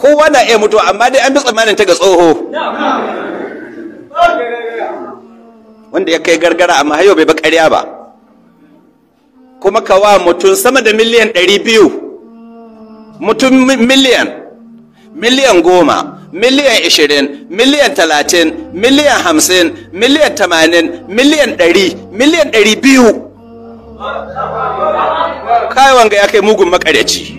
kowa na iya mutuwa amma dai an bi tsammanin ta ga tsoho wanda ya kai gargara amma hayo bai bakariya ba kuma kawa mutum sama da miliyan 200 mutum miliyan miliyan goma miliyan ishirin miliyan talatin miliyan hamsin miliyan tamanin miliyan ɗari miliyan ɗari biyu kayan wanga ya kai mugun makareci